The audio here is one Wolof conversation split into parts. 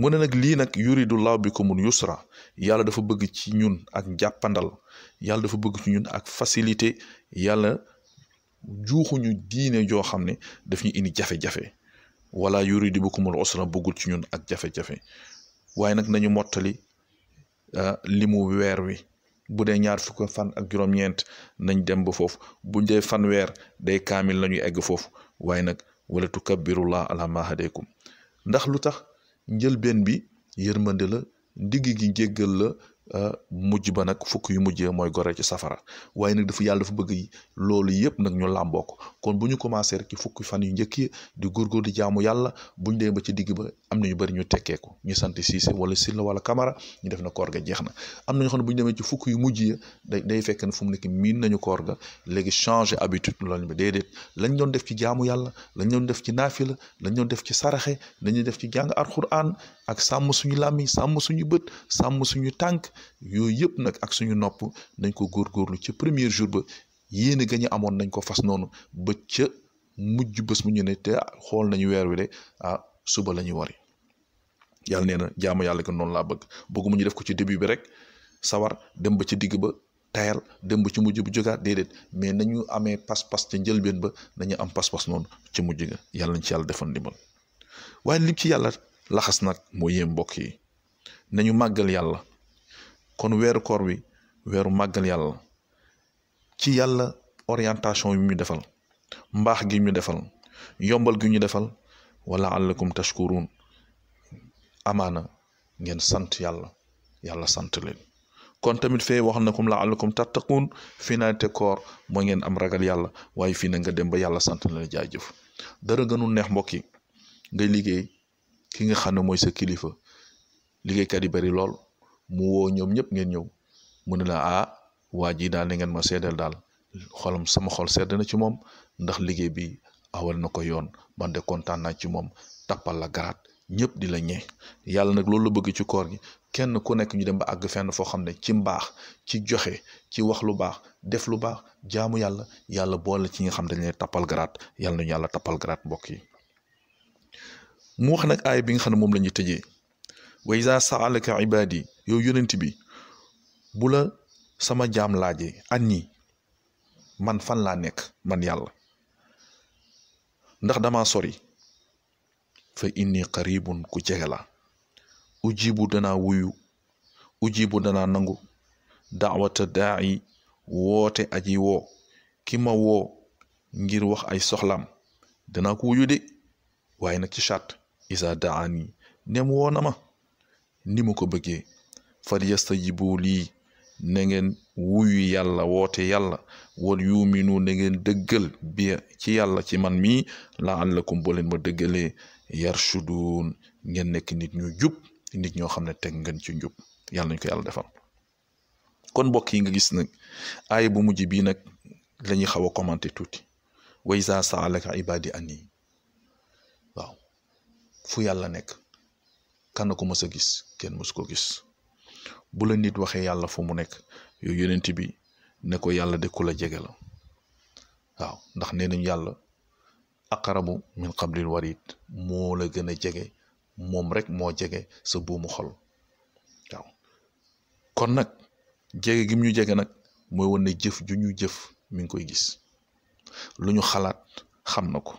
mu ne nag lii nag yuridullahu bikumul yusra yàlla dafa bëgg ci ñun ak jàppandal yàlla dafa bëgg ci ñun ak facilité yàlla juuxuñu diine joo xam ne daf ñu indi jafe-jafe wala yuridu bikumul usra bëggul ci ñun ak jafe-jafe waaye nag nañu mottali ah, limu weer wi bu dee ñaar fukk fan ak juróom-ñeent nañ dem ba foofu buñ dee fan weer day kaamil nañu egg foofu waaye nag wala tukabbirullah ala ma hadaykum ndax lu tax njëlbeen bi yërmande la digg gi njéggal la mujj ba nag fukk yu mujjee mooy gore ci safara waaye nag dafa yàlla dafa bëgg loolu yëpp nag ñu làmboo ko kon bu ñu commencé rek ci fukki fan yu njëkk yi di góorgóor di jaamu yàlla buñ dee ba ci digg ba am na bëri ñu tekkee ko ñu sant wala Sylla wala Camara ñu def na koor ga jeex na am na ñoo ne bu ñu demee ci fukk yu mujj yi day day fekk ne fu mu nekk miin nañu koor ga léegi changé habitude loolu bi déedéet lañ doon def ci jaamu yàlla lañ doon def ci naafila lañ doon def ci saraxe lañuy def ci jàng alxuraan ak sàmm suñu làmmiñ sàmm suñu bët sàmm suñu tànk yooyu yëpp nag ak suñu nopp nañ ko góor góorlu ca première jour ba yéene ga ñu amoon nañ ko fas noonu ba ca mujj bés mu ñu ne te xool nañu weer wi de ah suba la ñu wari yàlla nee na jaamu yàlla ko noonu laa bëgg bëgguma ñu def ko ci début bi rek sawar dem ba ci digg ba tayal dem ba ci mujj bu jógaat déedéet mais nañu amee pas-pas ca njëlbeen ba nañu am pas-pas noonu ci mujj ga yàlla nañ ci yàlla defal ndimbal waaye lim ci yàlla laxas nag moo yéem mbokk yi nañu màggal yàlla kon weeru koor wi weeru màggal yàlla ci yàlla orientation yu ñu defal mbaax gi ñu defal yombal gi ñu defal wala allakum tashkurun amaana ngeen sant yàlla yàlla sant leen kon tamit fee wax na kum la allakum tattaqun finalité koor moo ngeen am ragal yàlla waaye fii na nga dem ba yàlla sant na la jaajëf dara gënul neex mbokk yi ngay liggéey ki nga xam ne mooy sa kilifa liggéeykat yi bari lool mu woo ñoom ñëpp ngeen ñëw mu ne la ah waa ji daal na ngeen ma seedeel daal xolam sama xol sedd na ci moom ndax liggéey bi awal na ko yoon man de naa ci moom tappal la garaat ñëpp di la ñe yàlla nag loolu la bëgg ci koor gi kenn ku nekk ñu dem ba àgg fenn foo xam ne ci mbaax ci joxe ci wax lu baax def lu baax jaamu yàlla yàlla boole ci nga xam dañ lay tappal garaat yàlla nañu yàlla tappal garaat mbokk yi mu wax nag aay bi nga xam ne moom lañuy ñuy tëjee wa iza saalaka ibadi yow yonent bi bu la sama jaam laajee anni man fan laa nekk man yàlla ndax dama sori fa inni qaribun ku jege la ujibu danaa wuyu ujibu danaa nangu daawata daa'i woote aji woo ki ma woo ngir wax ay soxlam dana ko wuyu de waaye nag ci chat isa daani nem woo ni ma ko bëggee fal yastajibu lii na ngeen wuyu yàlla woote yàlla wal yuminu na ngeen dëggal bi ci yàlla ci man mii laallakum boo leen ma dëggalee yarshudun ngeen nekk nit ñu jub nit ñoo xam ne teg ngeen ci njub yàlla nañ ko yàlla defal kon mbokk yi nga gis nag aay bu mujj bii nag la ñuy xaw a commenté tuuti wa iza saalaka ibadi anni waaw fu yàlla nekk kan na ko mës gis kenn mës ko gis bu la nit waxee yàlla fu mu nekk yow yonent bi ne ko yàlla de ku jege la waaw ndax nee nañ yàlla aqarabu min qablil warid moo la gën a jege moom rek moo jege sa buumu xol waaw kon nag jege gim ñu jege nag mooy wan ne jëf ju ñu jëf mi ngi koy gis lu ñu xalaat xam na ko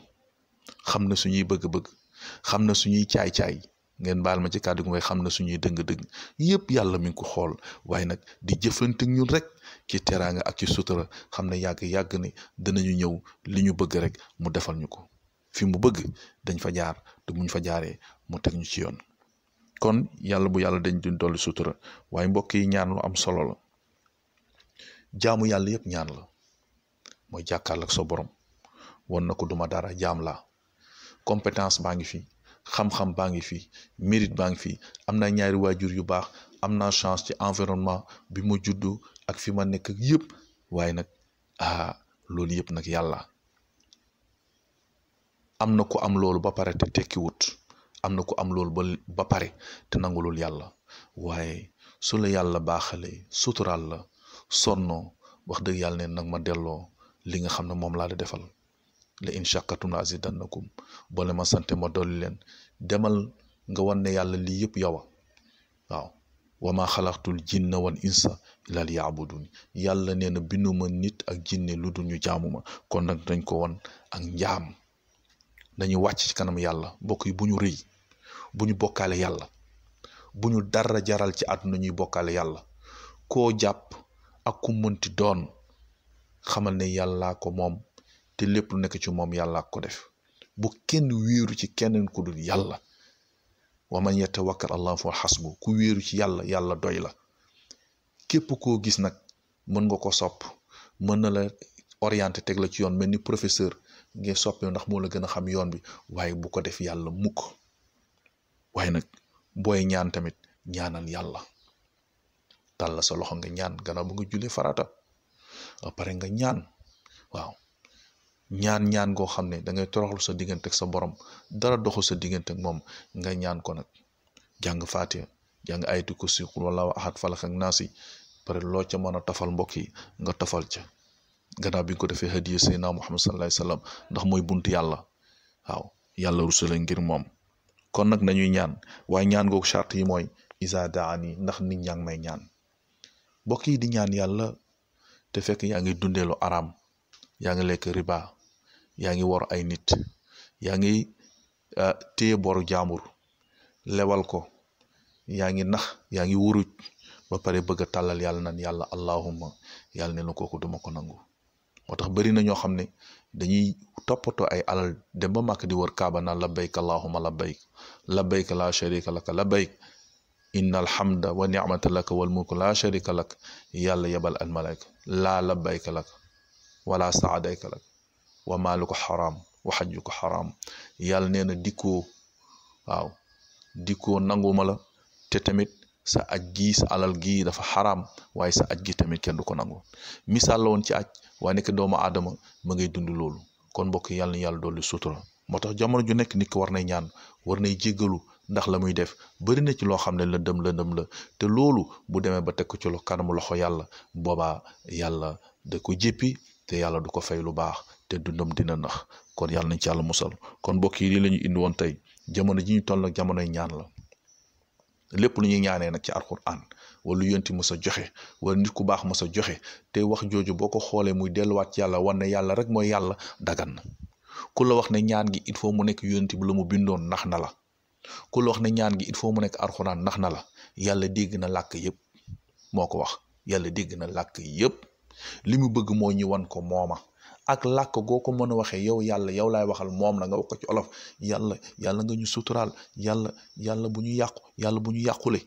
xam na suñuy bëgg-bëgg xam na suñuy caay-caay ngeen baal ma ci kàddu gi mooy xam na suñuy dëng-dëng yëpp yàlla mi ngi ko xool waaye nag di jëflante ñun rek ci teraanga ak ci sutura xam ne yàgg-yàgg ni dinañu ñëw li ñu bëgg rek mu defal ñu ko fi mu bëgg dañ fa jaar te fa jaaree mu teg ñu ci yoon kon yàlla bu yàlla dañ duñ dolli sutura waaye mbokk yi ñaan lu am solo la jaamu yàlla yëpp ñaan la mooy jàkkaarloo ak sa borom won na ko duma dara jaam la compétence baa ngi fi xam-xam baa ngi fi mirit baa ngi fi am naa ñaari waajur yu baax am naa chance ci environnement bi mu juddu ak fi ma nekk yëpp waaye nag ah loolu yëpp nag yàlla am na ko am loolu ba pare te tekki wut am na ku am loolu ba pare te nangu loolu yàlla waaye su la yàlla baaxalee suturaal la sonno wax dëgg yàlla ne nag ma delloo li nga xam ne moom laa la defal. la in shakartum la azidannakum boo leen ma sante ma dolli leen demal nga wan yàlla lii yëpp yow a waaw wa ma xalaqtul jinna wal insa illa liya'budun yàlla nee na binduma nit ak jinne lu dul ñu jaamu ma kon nag dañ ko won ak njaam dañuy wàcc ci kanam yàlla mbokk yi bu ñu rëy bu ñu bokkaale yàlla bu ñu dara jaral ci àdduna ñuy bokkaale yàlla koo jàpp ak ku mënti doon xamal ne yàllaa ko moom te lépp lu nekk ci moom yàlla ko def bu kenn wéeru ci keneen ku dul yàlla wa man yatawakkal allah fa xasbu ku wéeru ci yàlla yàlla doy la képp koo gis nag mën nga ko sopp mën na la orienté teg la ci yoon mel ni professeur ngay soppi ndax moo la gën a xam yoon bi waaye bu ko def yàlla mukk waaye nag booy ñaan tamit ñaanal yàlla tàll sa loxo nga ñaan gannaaw bu nga jullee farata pare nga ñaan waaw ñaan ñaan goo xam ne dangay ngay toroxlu sa diggante sa borom dara doxul sa diggante moom nga ñaan ko nag jàng faatiha jàng ayatu kursi qul wallahu ahad falaq ak naasi pare loo ca mën a tafal mbokk yi nga tafal ca gannaaw bi nga ko defee hadiya sayyidina muhammad sallallahu alayhi wasallam ndax mooy bunt yàlla yàlla rusale ngir moom kon nag nañuy ñaan waaye ñaan googu charte yi mooy isa daani ndax nit ñaa ngi may ñaan mbokk di ñaan yàlla te fekk yaa ngi dundeelu araam yaa ngi lekk riba yaa ngi wor ay nit yaa ngi ah, téye boru jaambur lewal ko yaa ngi nax yaa ngi wuruj ba pare bëgg tàllal yàlla nan yàlla allahuma yàlla ne na kooku duma ko nangu moo tax bëri na ñoo xam ne dañuy toppatoo ay alal dem ba màkk di war kaaba naan labbayk allahuma labbayk labbayk la sharika laka labbayk inna alhamda wa ni'mata laka wal mulku la sharika lak yàlla yebal al malayka laa labbayka lak wala saadayka lak wa maalu ko xaraam wa xajju ko xaraam yàlla nee na dikkoo waaw dikkoo nanguma la te tamit sa aj gi sa alal gi dafa xaram waaye sa aj gi tamit kenn du ko nangu misaal la woon ci aj waaye nekk doomu aadama ma ngay dund loolu kon mbokk yàlla na yàlla dolli sutura moo tax jamono ju nekk nit ki war nay ñaan war nay jéggalu ndax la muy def bëri na ci loo xam ne lëndëm lëndëm la la te loolu bu demee ba teg ko ci lo kanamu loxo yàlla boobaa yàlla da ko jéppi te yàlla du ko fay lu baax te dundam dina nax kon yàlla nañ ci yàlla musal kon mbokk yi lii indi woon tey jamono ji ñu toll nag jamonoy ñaan la lépp lu ñuy ñaanee nag ci alxuraan wala lu yonti mës a joxe wala nit ku baax mës a joxe te wax jooju boo ko xoolee muy delluwaat ci yàlla wan ne yàlla rek mooy yàlla dagan na ku la wax ne ñaan gi il faut mu nekk yoonti bi la mu bindoon nax na la ku la wax ne ñaan gi il faut mu nekk alxuraan nax na la yàlla dégg na làkk yëpp moo ko wax yàlla dégg na làkk yëpp li mu bëgg moo ñu ko mooma ak làkk goo ko mën a waxee yow yàlla yow laay waxal moom la nga wax ko olof yàlla yàlla nga ñu suturaal yàlla yàlla bu ñu yàqu yàlla bu ñu yàqule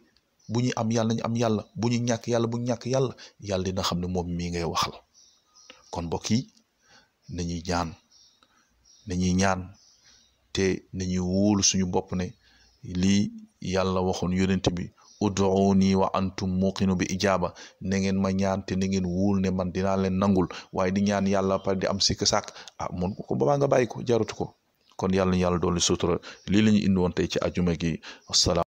bu ñu am yàlla ñu am yàlla bu ñu ñàkk yàlla bu ñu ñàkk yàlla yàlla dina xam ne moom mii ngay waxal kon mbokk yi nañuy ñaan nañuy ñaan te nañuy wóolu suñu bopp ne lii yàlla waxoon yonent bi ud'uuni wa antum muqinu bi ijaaba na ngeen ma ñaan te na ngeen wóol ne man dinaa leen nangul waaye di ñaan yàlla par di am sikk a ah mun ko babaa nga bàyyi ko jarutu ko kon yàlla na yàlla doon li sutura lii ci ajuma gi wasalaam